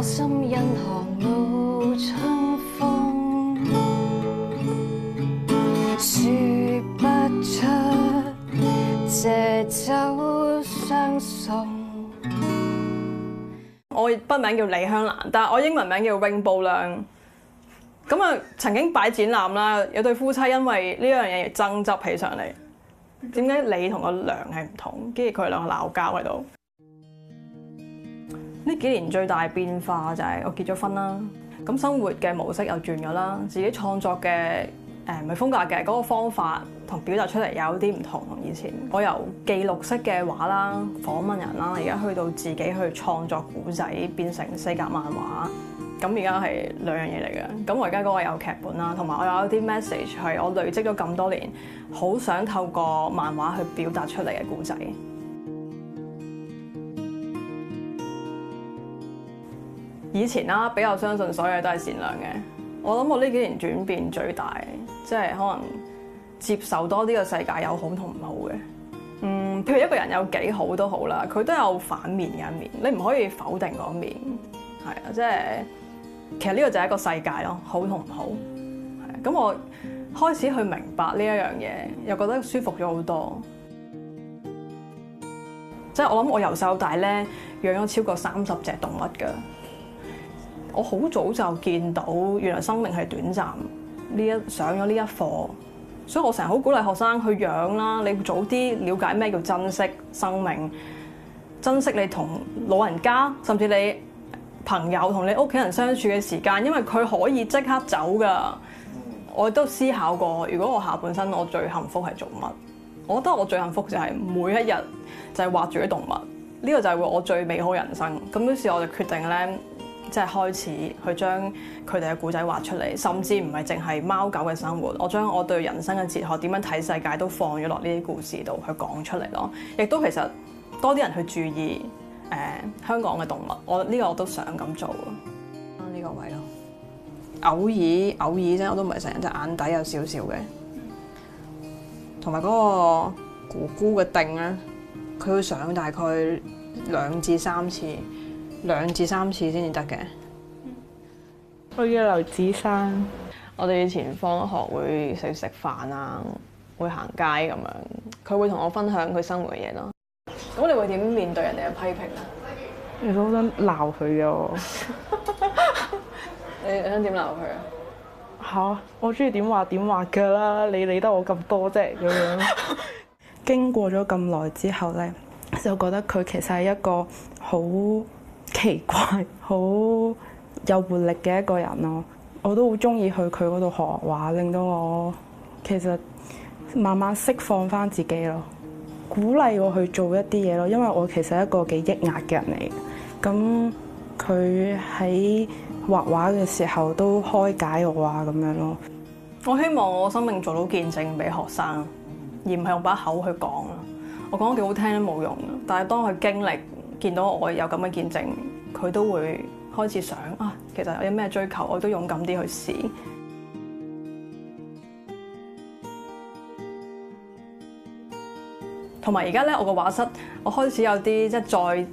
我心因何露春風？說不出借酒相送。我筆名叫李香蘭，但係我英文名叫 Rainbow 娘。咁啊，曾經擺展覽啦，有對夫妻因為呢樣嘢而爭執起上嚟。點解你同我娘係唔同？跟住佢哋兩個鬧交喺度。呢幾年最大變化就係我結咗婚啦，咁生活嘅模式又轉咗啦，自己創作嘅誒唔係風格嘅嗰個方法同表達出嚟有啲唔同。以前我由記錄式嘅畫啦、訪問人啦，而家去到自己去創作古仔，變成四格漫畫。咁而家係兩樣嘢嚟嘅。咁我而家嗰個有劇本啦，同埋我有啲 message 係我累積咗咁多年，好想透過漫畫去表達出嚟嘅古仔。以前啦，比較相信所有嘢都係善良嘅。我諗我呢幾年轉變最大，即係可能接受多呢個世界有好同唔好嘅。嗯，譬如一個人有幾好都好啦，佢都有反面嘅一面，你唔可以否定嗰面。係啊，即係其實呢個就係一個世界咯，好同唔好。咁我開始去明白呢一樣嘢，又覺得舒服咗好多。即係我諗我由細到大咧，養咗超過三十隻動物㗎。我好早就見到原來生命係短暫，呢一上咗呢一課，所以我成日好鼓勵學生去養啦。你早啲了解咩叫珍惜生命，珍惜你同老人家甚至你朋友同你屋企人相處嘅時間，因為佢可以即刻走㗎。我都思考過，如果我下半生我最幸福係做乜？我覺得我最幸福就係每一日就係畫住啲動物，呢個就係我最美好人生。咁於是我就決定咧。即係開始去將佢哋嘅故仔畫出嚟，甚至唔係淨係貓狗嘅生活。我將我對人生嘅哲學點樣睇世界都放咗落呢啲故事度去講出嚟咯。亦都其實多啲人去注意誒、呃、香港嘅動物。我呢、呢個我都想咁做。呢、啊呢個位咯，偶爾偶爾啫，我都唔係成日，隻眼底有少少嘅，同埋嗰個咕咕嘅定咧，佢會想大概兩至三次。兩至三次先至得嘅。我叫劉子珊，我哋以前放學會成日食飯啊，會行街咁樣。佢會同我分享佢生活嘅嘢咯。咁你會點面對人哋嘅批評？ 你啊？我好想鬧佢啊！你想點鬧佢啊？吓？我中意點話點話㗎啦！你理得我咁多啫咁樣。經過咗咁耐之後咧，就覺得佢其實係一個好。奇怪，好有活力嘅一個人咯，我都好中意去佢嗰度學畫，令到我其實慢慢釋放翻自己咯，鼓勵我去做一啲嘢咯，因為我其實係一個幾抑壓嘅人嚟，咁佢喺畫畫嘅時候都開解我啊，咁樣咯。我希望我生命做到見證俾學生，而唔係用把口去講咯。我講得幾好聽都冇用，但係當佢經歷。見到我有咁嘅見證，佢都會開始想啊，其實有啲咩追求，我都勇敢啲去試。同埋而家咧，我個畫室，我開始有啲即係再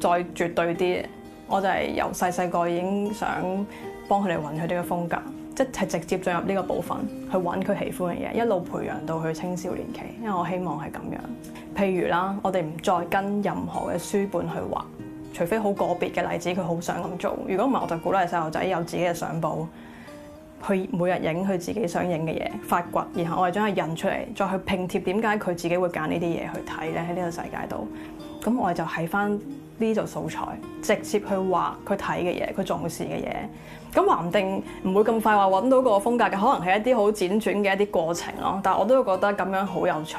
再絕對啲，我就係由細細個已經想幫佢哋揾佢哋嘅風格。即係直接進入呢個部分，去揾佢喜歡嘅嘢，一路培養到佢青少年期，因為我希望係咁樣。譬如啦，我哋唔再跟任何嘅書本去畫，除非好個別嘅例子，佢好想咁做。如果唔係，我就鼓勵細路仔有自己嘅相簿。去每日影佢自己想影嘅嘢，發掘，然後我哋將佢印出嚟，再去拼貼。點解佢自己會揀呢啲嘢去睇咧？喺呢個世界度，咁我哋就喺翻呢度素材，直接去畫佢睇嘅嘢，佢重視嘅嘢。咁話唔定唔會咁快話揾到個風格嘅，可能係一啲好輾轉嘅一啲過程咯。但我都會覺得咁樣好有趣。